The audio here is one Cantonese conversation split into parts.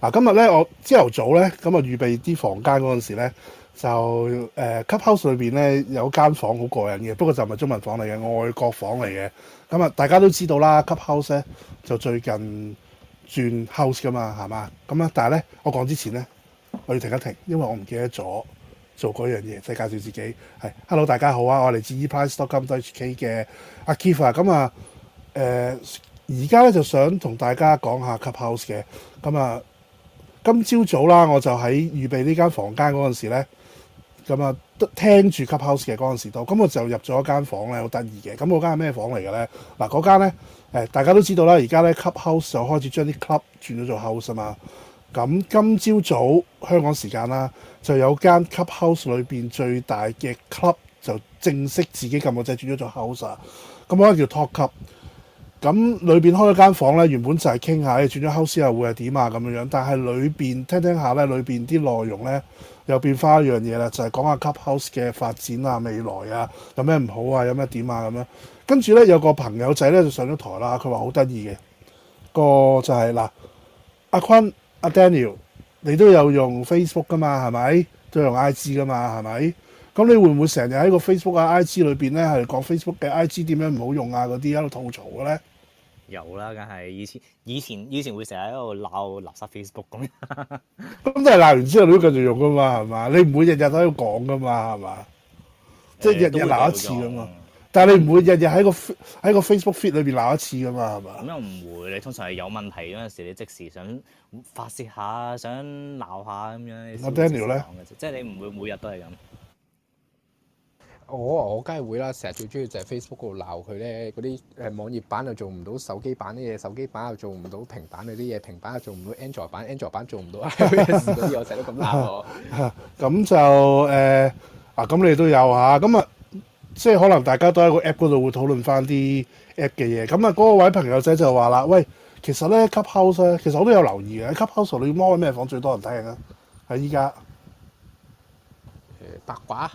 嗱，今日咧，我朝頭早咧，咁啊，預備啲房間嗰陣時咧，就誒、呃、，Clubhouse 裏邊咧有間房好過癮嘅，不過就唔係中文房嚟嘅，外國房嚟嘅。咁、嗯、啊，大家都知道啦，Clubhouse 咧就最近轉 house 噶嘛，係嘛？咁、嗯、咧，但係咧，我講之前咧，我要停一停，因為我唔記得咗。做嗰樣嘢，即係介紹自己。係，hello 大家好啊！我嚟自 E Plus t o c k r o o m HK 嘅阿 Kifa。咁、呃、啊，誒而家咧就想同大家講下 Clubhouse 嘅。咁、嗯、啊，今朝早啦，我就喺預備呢間房間嗰陣時咧，咁、嗯、啊，聽住 Clubhouse 嘅嗰陣時多。咁、嗯、我就入咗一間房咧，好得意嘅。咁、嗯、嗰間係咩房嚟嘅咧？嗱、啊，嗰間咧誒、嗯，大家都知道啦。而家咧 Clubhouse 就開始將啲 club 轉咗做 house 啊嘛。咁今朝早，早香港時間啦、啊，就有間 Clubhouse 裏邊最大嘅 club 就正式自己撳個掣轉咗做 house 啊。咁、那、嗰個叫 talk club、啊。咁裏邊開咗間房咧，原本就係傾下嘅，轉咗 house 之後會係點啊咁樣樣。但係裏邊聽聽下咧，裏邊啲內容咧又變化一樣嘢啦，就係、是、講下 Clubhouse 嘅發展啊、未來啊有咩唔好啊、有咩點啊咁樣。跟住咧有個朋友仔咧就上咗台了、那個就是、啦，佢話好得意嘅個就係嗱阿坤。阿 Daniel，你都有用 Facebook 噶嘛，係咪都有用 IG 噶嘛？係咪咁？你會唔會成日喺個 Facebook 啊 IG 裏邊咧，係講 Facebook 嘅 IG 點樣唔好用啊，嗰啲喺度吐槽嘅咧？有啦，梗係以前以前以前會成日喺度鬧垃圾 Facebook 咁樣。咁都係鬧完之後你都繼續用噶嘛？係嘛？你唔會、欸、日日都喺度講噶嘛？係嘛？即係日日鬧一次噶嘛。但係你唔會日日喺個喺個 Facebook feed 裏邊鬧一次㗎嘛，係嘛？咁又唔會，你通常係有問題嗰陣時，你即時想發泄下，想鬧下咁樣。阿 Daniel 咧，即係你唔會每日都係咁。我我梗係會啦，成日最中意就係 Facebook 嗰度鬧佢咧。嗰啲誒網頁版又做唔到，手機版啲嘢手機版又做唔到，平板嗰啲嘢平板又做唔到，Android 版 Android 版做唔到，iOS 嗰啲我成日都咁鬧我。咁就誒啊！咁你都有吓，咁啊～即係可能大家都喺個 app 嗰度會討論翻啲 app 嘅嘢，咁啊嗰個位朋友仔就話啦，喂，其實咧 Clubhouse 咧，其實我都有留意嘅。Clubhouse，你摸開咩房最多人聽啊？喺依家誒八卦，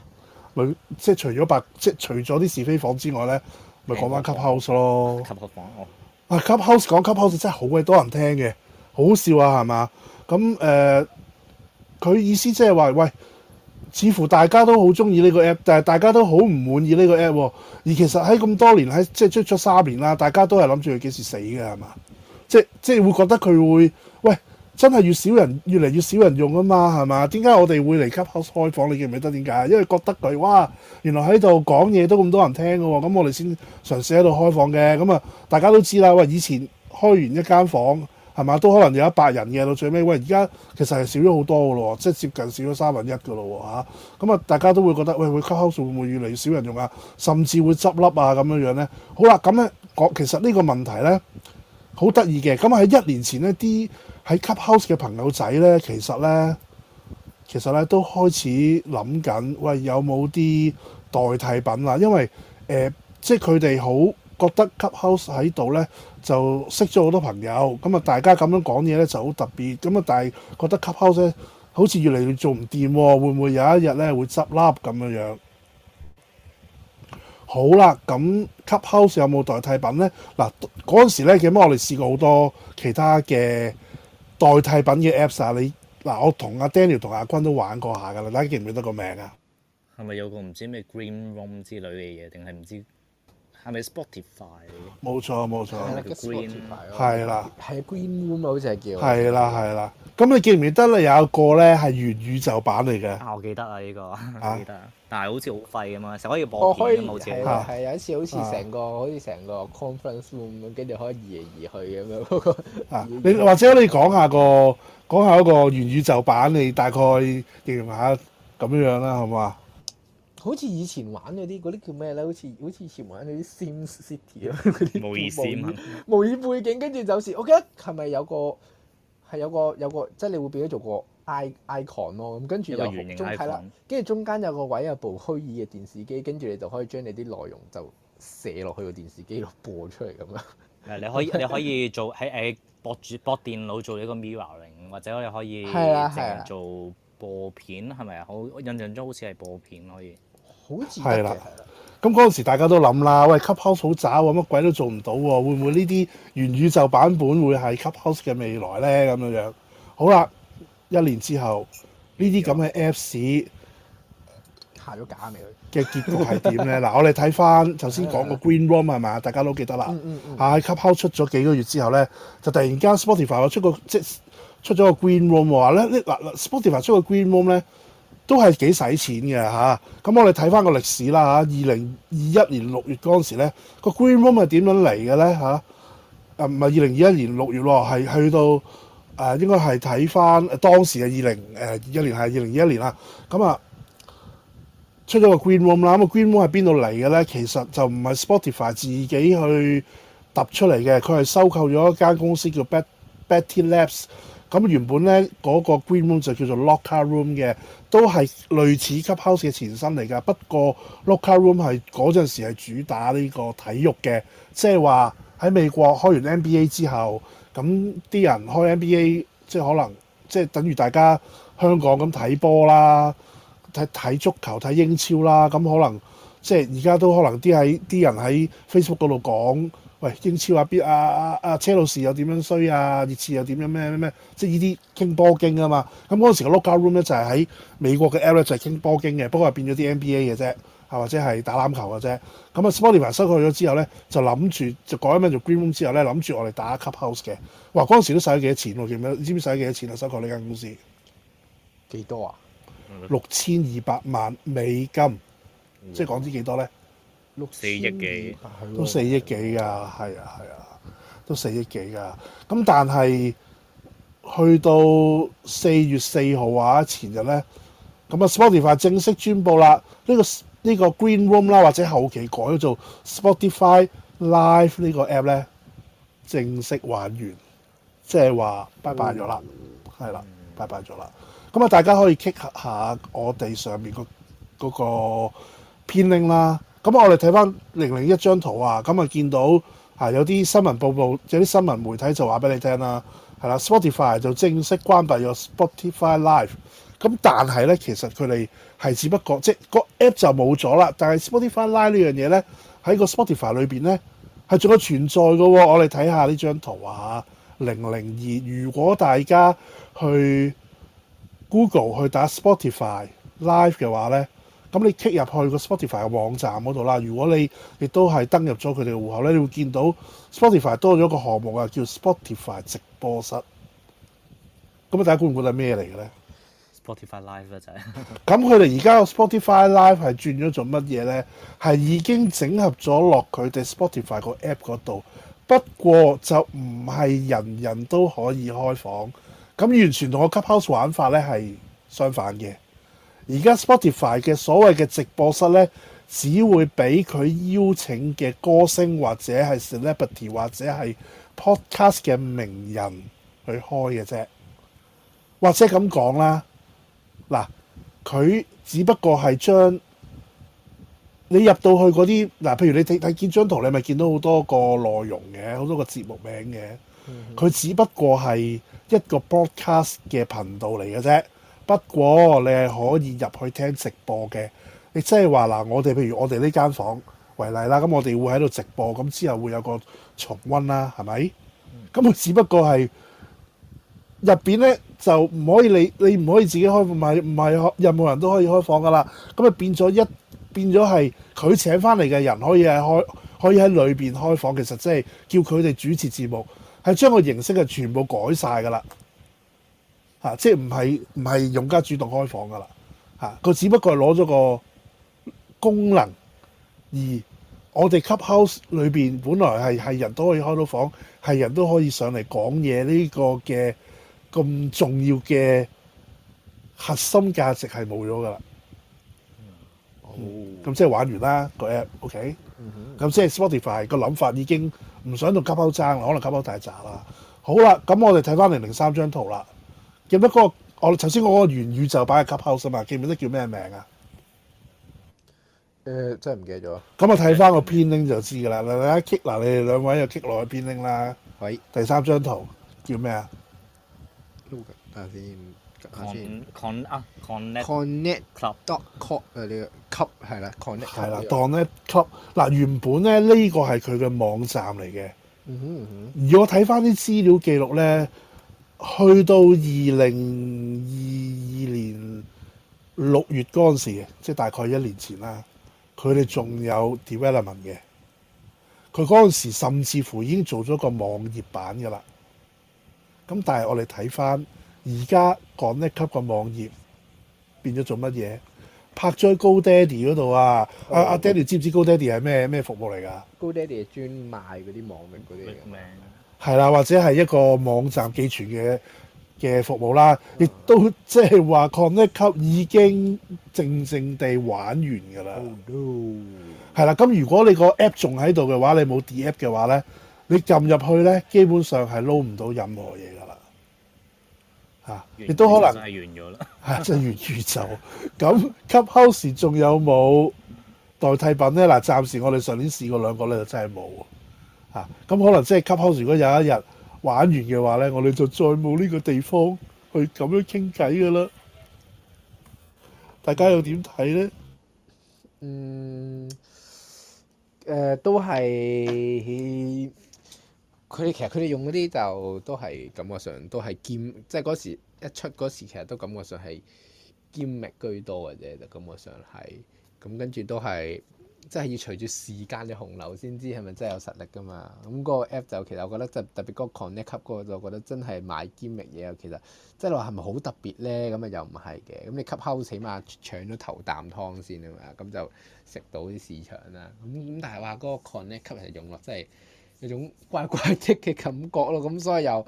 咪白寡即係除咗白，即係除咗啲是非房之外咧，咪講翻 Clubhouse 咯、啊。Clubhouse 講 Clubhouse 講 Clubhouse 真係好鬼多人聽嘅，好笑啊，係嘛？咁誒，佢、呃、意思即係話喂。似乎大家都好中意呢個 app，但係大家都好唔滿意呢個 app。而其實喺咁多年，喺即係出咗三年啦，大家都係諗住佢幾時死嘅係嘛？即係即係會覺得佢會喂，真係越少人越嚟越少人用啊嘛係嘛？點解我哋會嚟 Clubhouse 開房？你記唔記得點解？因為覺得佢哇，原來喺度講嘢都咁多人聽嘅喎，咁、嗯、我哋先嘗試喺度開房嘅。咁、嗯、啊，大家都知啦，喂，以前開完一間房。係嘛？都可能有一百人嘅，到最尾喂，而家其實係少咗好多嘅咯，即係接近少咗三分一嘅咯嚇。咁啊，大家都會覺得喂 Clubhouse 會唔會越嚟越少人用啊？甚至會執笠啊咁樣樣咧。好啦，咁咧，我其實呢個問題咧，好得意嘅。咁喺一年前呢啲喺 Clubhouse 嘅朋友仔咧，其實咧，其實咧都開始諗緊，喂，有冇啲代替品啦、啊？因為誒、呃，即係佢哋好覺得 Clubhouse 喺度咧。就識咗好多朋友，咁啊！大家咁樣講嘢咧就好特別，咁啊！但係覺得 Clubhouse 好似越嚟越做唔掂，會唔會有一日咧會執笠咁樣？好啦，咁 Clubhouse 有冇代替品咧？嗱，嗰陣時咧，其實我哋試過好多其他嘅代替品嘅 Apps 啊！你嗱，我同阿 Daniel 同阿君都玩過下㗎啦，大家記唔記得個名啊？係咪有個唔知咩 Green Room 之類嘅嘢，定係唔知？係咪 Spotify？冇錯冇錯，係啦。Green，係啦，係 Green Room 好似係叫。係啦係啦，咁你記唔記得咧？有個咧係元宇宙版嚟嘅。啊，我記得啊，呢個記得。但係好似好廢咁嘛，成日可以播片都冇錢。係啊，係有一次好似成個好似成個 conference room 咁，跟住可以移嚟移去咁樣。啊，你或者你講下個講下嗰個元宇宙版，你大概記下咁樣啦，好唔好？好似以前玩嗰啲嗰啲叫咩咧？好似好似以前玩嗰啲 SimCity 啊 些，啲模擬模擬背景，跟住就好似，我記得係咪有個係有個有個即係你會變咗做個 i icon 咯，咁跟住又中係啦，跟住中間有個位有部虛擬嘅電視機，跟住你就可以將你啲內容就射落去個電視機度播出嚟咁樣。誒，你可以 你可以做喺誒博主博電腦做一個 Mirroring，或者我哋可以成做播片，係咪啊？我印象中好似係播片可以。係啦，咁嗰陣時大家都諗啦，喂 Clubhouse 好渣喎，乜鬼都做唔到喎，會唔會呢啲元宇宙版本會係 Clubhouse 嘅未來咧？咁樣樣，好啦，一年之後這這呢啲咁嘅 Apps 下咗架未？嘅結果係點咧？嗱，我哋睇翻頭先講個 Green Room 係嘛，大家都記得啦。嗯嗯嗯。哎、Clubhouse 出咗幾個月之後咧，就突然間 Spotify 出個即係出咗個 Green Room 話咧，嗱 Spotify 出個 Green Room 咧。都係幾使錢嘅嚇，咁、啊、我哋睇翻個歷史啦嚇。二零二一年六月嗰陣時咧，個 Green Room 係點樣嚟嘅咧嚇？誒唔係二零二一年六月喎，係去到誒應該係睇翻當時嘅二零二一年係二零二一年啦。咁啊出咗個 Green Room 啦，咁 Green Room 係邊度嚟嘅咧？其實就唔係 Spotify 自己去揼出嚟嘅，佢係收購咗一家公司叫 Betty Labs。咁原本咧，嗰、嗰個 Greenroom 就叫做 Locker Room 嘅，都係類似 Clubhouse 嘅前身嚟㗎。不過 Locker Room 係嗰陣時係主打呢個體育嘅，即係話喺美國開完 NBA 之後，咁啲人開 NBA 即係可能即係等於大家香港咁睇波啦，睇睇足球睇英超啦，咁可能即係而家都可能啲喺啲人喺 Facebook 嗰度講。喂，英超啊，邊啊啊啊車路士又點樣衰啊，熱刺又點樣咩咩咩，即係呢啲傾波經啊嘛。咁嗰陣時個 local room 咧就係、是、喺美國嘅 L，就 e r 係傾波經嘅，不過變咗啲 NBA 嘅啫，係或者係打籃球嘅啫。咁、嗯、啊，Spotify 收購咗之後咧，就諗住就改咗名做 Green Room 之後咧，諗住我哋打，打 Clubhouse 嘅。哇，嗰陣時都使咗幾多錢喎、啊？你知唔知使咗幾多錢啊？收購呢間公司幾多啊？六千二百萬美金，嗯嗯、即係港紙幾多咧？六四,四億幾都四億幾噶，係、嗯、啊係啊，都四億幾噶。咁但係去到四月四號啊，前日咧咁啊 Spotify 正式宣佈啦。呢、這個呢、這個 Green Room 啦，或者後期改咗做 Spotify Live 呢個 app 咧，正式玩完，即係話拜拜咗啦，係啦、嗯啊，拜拜咗啦。咁啊，大家可以 kick 下我哋上面個嗰個 Pinned Link 啦。咁我哋睇翻零零一張圖啊，咁啊見到嚇、啊、有啲新聞報道，有啲新聞媒體就話俾你聽、啊、啦，係啦、啊、Spotify 就正式關閉咗 Spotify Live、啊。咁但係咧，其實佢哋係只不過即係個 app 就冇咗啦，但係 Spotify Live 呢樣嘢咧，喺個 Spotify 裏邊咧係仲有存在嘅、啊。我哋睇下呢張圖啊，零零二，如果大家去 Google 去打 Spotify Live 嘅話咧。咁你 click 入去個 Spotify 嘅網站嗰度啦，如果你亦都係登入咗佢哋嘅戶口咧，你會見到 Spotify 多咗一個項目啊，叫 Spotify 直播室。咁啊大家估唔估得咩嚟嘅咧？Spotify Live 啊，就 係。咁佢哋而家個 Spotify Live 係轉咗做乜嘢咧？係已經整合咗落佢哋 Spotify 個 app 嗰度，不過就唔係人人都可以開房，咁完全同個 Clubhouse 玩法咧係相反嘅。而家 Spotify 嘅所謂嘅直播室咧，只會俾佢邀請嘅歌星或者係 celebrity 或者係 podcast 嘅名人去開嘅啫。或者咁講啦，嗱，佢只不過係將你入到去嗰啲嗱，譬如你睇睇見張圖，你咪見到好多個內容嘅，好多個節目名嘅。佢、嗯嗯、只不過係一個 podcast 嘅頻道嚟嘅啫。不過你係可以入去聽直播嘅，你即係話嗱，我哋譬如我哋呢間房為例啦，咁我哋會喺度直播，咁之後會有個重温啦，係咪？咁佢只不過係入邊咧就唔可以你你唔可以自己開房，唔係唔係任何人都可以開房噶啦，咁啊變咗一變咗係佢請翻嚟嘅人可以係開可以喺裏邊開房。其實即係叫佢哋主持節目，係將個形式係全部改晒噶啦。啊！即係唔係唔係用家主動開房噶啦？嚇、啊，佢只不過攞咗個功能，而我哋 Clubhouse 裏邊本來係係人都可以開到房，係人都可以上嚟講嘢呢個嘅咁重要嘅核心價值係冇咗噶啦。咁、嗯、即係玩完啦個 app。OK，咁即係 Spotify 個諗法已經唔想同 Clubhouse 爭啦，可能 Clubhouse 太渣啦。好啦，咁我哋睇翻零零三張圖啦。有唔記個？我頭先我嗰個元宇宙版嘅 Clubhouse 嘛？記唔記得叫咩名啊？誒，真係唔記得咗。咁我睇翻個編拎就知㗎啦。嗱，一 click 嗱，你哋兩位又 kick 落去編拎啦。喂。第三張圖叫咩啊？Load 下先，隔下先。Connect 啊，Connect，Connect Club，Club。誒呢個 Cap 係啦，Connect 係啦，當呢 Cap 嗱原本咧呢個係佢嘅網站嚟嘅。嗯哼嗯哼。而我睇翻啲資料記錄咧。.去到二零二二年六月嗰陣時，即係大概一年前啦，佢哋仲有 development 嘅。佢嗰陣時甚至乎已經做咗個網頁版嘅啦。咁但係我哋睇翻而家 Connect Club 嘅網頁變咗做乜嘢？拍咗、哦啊、高爹哋嗰度啊！阿阿爹哋知唔知高爹哋係咩咩服務嚟㗎？高爹哋係專賣嗰啲域名嗰啲嘅。係啦，或者係一個網站寄存嘅嘅服務啦，亦都即係話 Connect Club 已經靜靜地玩完㗎啦。係啦、oh no，咁如果你個 App 仲喺度嘅話，你冇啲 App 嘅話咧，你撳入去咧，基本上係撈唔到任何嘢㗎啦。嚇，亦都可能係完咗完啦，係即係完宇宙。咁 Clubhouse 仲有冇代替品咧？嗱、啊，暫時我哋上年試過兩個咧，就真係冇。啊！咁可能即係 Clubhouse。如果有一日玩完嘅話咧，我哋就再冇呢個地方去咁樣傾偈嘅啦。大家又點睇咧？嗯，誒、呃、都係佢哋，其實佢哋用嗰啲就都係感覺上都係兼，即係嗰時一出嗰時其實都感覺上係兼職居多嘅啫，就感覺上係咁，跟住都係。即係要隨住時間嘅洪流先知係咪真係有實力㗎嘛？咁嗰個 app 就其實我覺得就特別嗰個 connect club，嗰個，就覺得真係買堅力嘢其實即係話係咪好特別咧？咁啊又唔係嘅。咁你 Clubhouse 起碼搶咗頭啖湯先啊嘛！咁就食到啲市場啦。咁咁但係話嗰個 connect club 係用落真係有種怪怪的嘅感覺咯。咁所以又誒、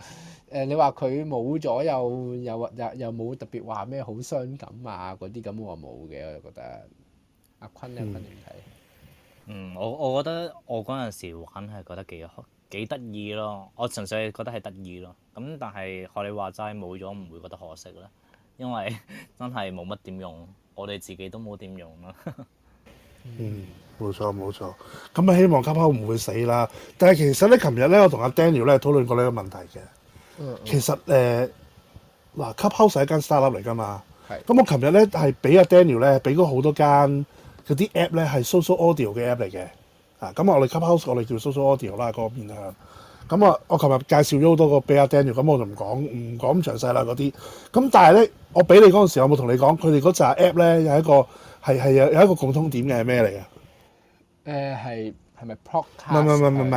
呃，你話佢冇咗又又又又冇特別話咩好傷感啊嗰啲咁，我冇嘅。我又覺得、嗯、阿坤咧，有咩嗯，我我覺得我嗰陣時玩係覺得幾幾得意咯，我純粹係覺得係得意咯。咁但係學你話齋冇咗唔會覺得可惜啦，因為真係冇乜點用，我哋自己都冇點用啦。呵呵嗯，冇錯冇錯，咁咪希望 Clubhouse 唔會死啦。但係其實咧，琴日咧我同阿 Daniel 咧討論過呢個問題嘅。嗯嗯其實誒，嗱，Clubhouse 係一間 startup 嚟噶嘛。係是。咁我琴日咧係俾阿 Daniel 咧俾咗好多間。佢啲 app 咧係 social audio 嘅 app 嚟嘅，啊咁我哋 Clubhouse 我哋叫 social audio 啦，嗰邊啦。咁啊，我琴日介紹咗好多個俾阿 Daniel，咁我就唔講唔講咁詳細啦嗰啲。咁但係咧，我俾你嗰陣時，我冇同你講，佢哋嗰扎 app 咧有一個係係有有一個共通點嘅係咩嚟嘅？誒係係咪 podcast 唔唔唔唔唔，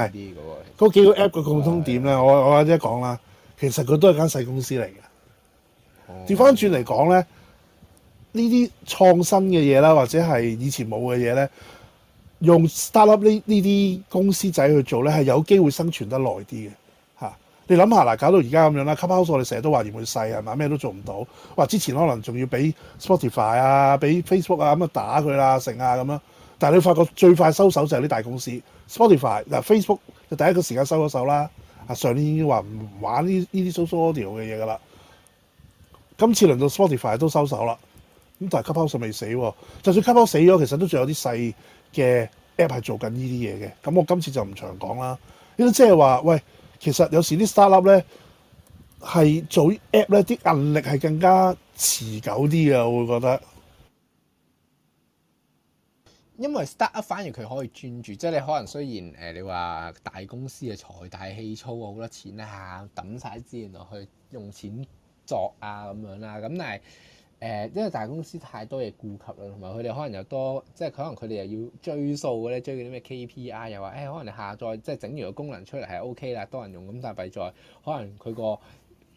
嗰幾個 app 嘅共通點咧，uh，我我一啲講啦。其實佢都係間細公司嚟嘅。調翻轉嚟講咧。呢啲創新嘅嘢啦，或者係以前冇嘅嘢咧，用 start up 呢呢啲公司仔去做咧，係有機會生存得耐啲嘅嚇。你諗下嗱，搞到而家咁樣啦，Clubhouse，我哋成日都話嫌佢細啊嘛，咩都做唔到。話、啊、之前可能仲要俾 Spotify 啊，俾 Facebook 啊咁啊打佢啦，成啊咁樣。但係你發覺最快收手就係啲大公司，Spotify 嗱、啊、Facebook 就第一個時間收咗手啦。啊上年已經話唔玩呢呢啲 social audio 嘅嘢㗎啦，今次輪到 Spotify 都收手啦。咁但係 Clubhouse 未死喎、啊，就算 Clubhouse 死咗，其實都仲有啲細嘅 app 係做緊呢啲嘢嘅。咁我今次就唔長講啦。呢咁即係話，喂，其實有時啲 start up 咧係做 app 咧，啲韌力係更加持久啲嘅，我會覺得。因為 start up 反而佢可以專注，即係你可能雖然誒、呃，你話大公司嘅財大氣粗啊，好多錢啊，抌晒啲資源落去用錢作啊咁樣啦，咁但係。誒，因為大公司太多嘢顧及啦，同埋佢哋可能又多，即係可能佢哋又要追數嘅咧，追嗰啲咩 KPI，又話誒、哎，可能你下載即係整完個功能出嚟係 OK 啦，多人用咁，但係弊在可能佢個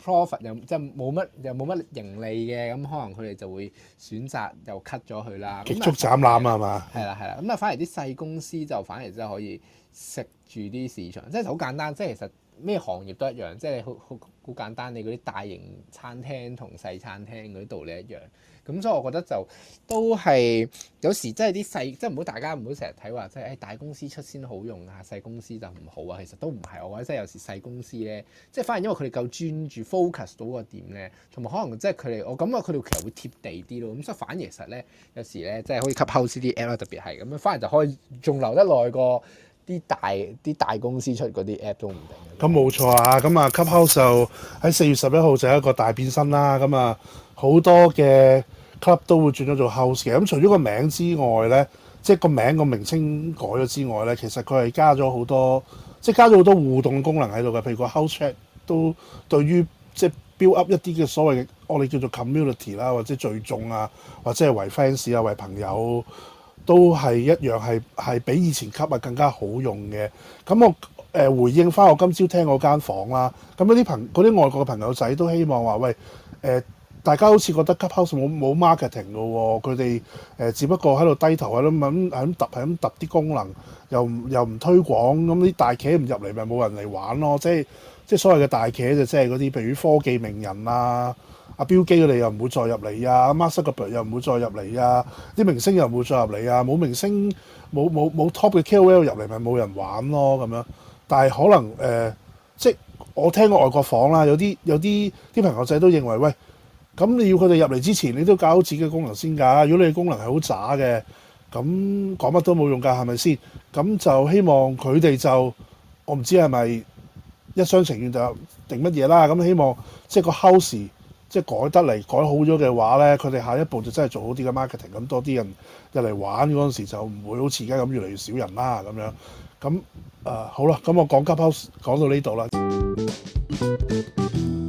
profit 又即係冇乜又冇乜盈利嘅，咁可能佢哋就會選擇又 cut 咗佢啦。極速斬纜係嘛？係啦係啦，咁啊反而啲細公司就反而真係可以食住啲市場，即係好簡單，即係其實。咩行業都一樣，即係好好好簡單。你嗰啲大型餐廳同細餐廳嗰啲道理一樣，咁所以我覺得就都係有時即係啲細，即係唔好大家唔好成日睇話，即係誒大公司出先好用啊，細公司就唔好啊。其實都唔係，我覺得即係有時細公司咧，即係反而因為佢哋夠專注 focus 到個點咧，同埋可能即係佢哋，我感覺佢哋其實會貼地啲咯。咁所以反而其實咧，有時咧即係可以吸後 C D L 特別係咁樣，反而就可以仲留得耐過。啲大啲大公司出嗰啲 app 都唔定嘅。咁冇錯啊！咁啊，Clubhouse 就喺四月十一號就係一個大變身啦。咁啊，好多嘅 club 都會轉咗做 house 嘅。咁除咗個名之外咧，即係個名個名稱改咗之外咧，其實佢係加咗好多，即係加咗好多互動功能喺度嘅。譬如個 house chat 都對於即係 build up 一啲嘅所謂嘅我哋叫做 community 啦，或者聚眾啊，或者係為 fans 啊，為朋友、啊。都係一樣係係比以前吸物更加好用嘅。咁我誒、呃、回應翻我今朝聽嗰間房啦。咁嗰啲朋啲外國嘅朋友仔都希望話：喂誒、呃，大家好似覺得 Clubhouse 冇冇 marketing 㗎喎。佢哋誒只不過喺度低頭喺度揾喺度揼喺度揼啲功能，又又唔推廣。咁啲大茄唔入嚟咪冇人嚟玩咯。即係即係所謂嘅大茄就即係嗰啲，譬如科技名人啦、啊。阿標機你又唔會再入嚟啊！Master 嘅又唔會再入嚟啊！啲明星又唔會再入嚟啊！冇明星冇冇冇 top 嘅 K.O.L 入嚟咪冇人玩咯咁樣。但係可能誒、呃，即我聽過外國房啦，有啲有啲啲朋友仔都認為喂，咁你要佢哋入嚟之前，你都搞好自己嘅功能先㗎。如果你嘅功能係好渣嘅，咁講乜都冇用㗎，係咪先？咁就希望佢哋就我唔知係咪一廂情願就定乜嘢啦。咁希望即個 house。即係改得嚟，改好咗嘅話，呢佢哋下一步就真係做好啲嘅 marketing，咁多啲人入嚟玩嗰陣時就唔會好似而家咁越嚟越少人啦咁樣。咁誒、呃、好啦，咁我講 Clubhouse 講到呢度啦。